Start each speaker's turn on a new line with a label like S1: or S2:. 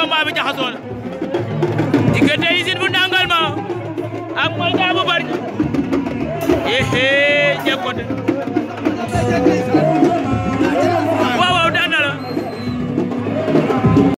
S1: combat bi jaxasoo na diggante usine bu Ndangalma ak Mor Gabou Bargny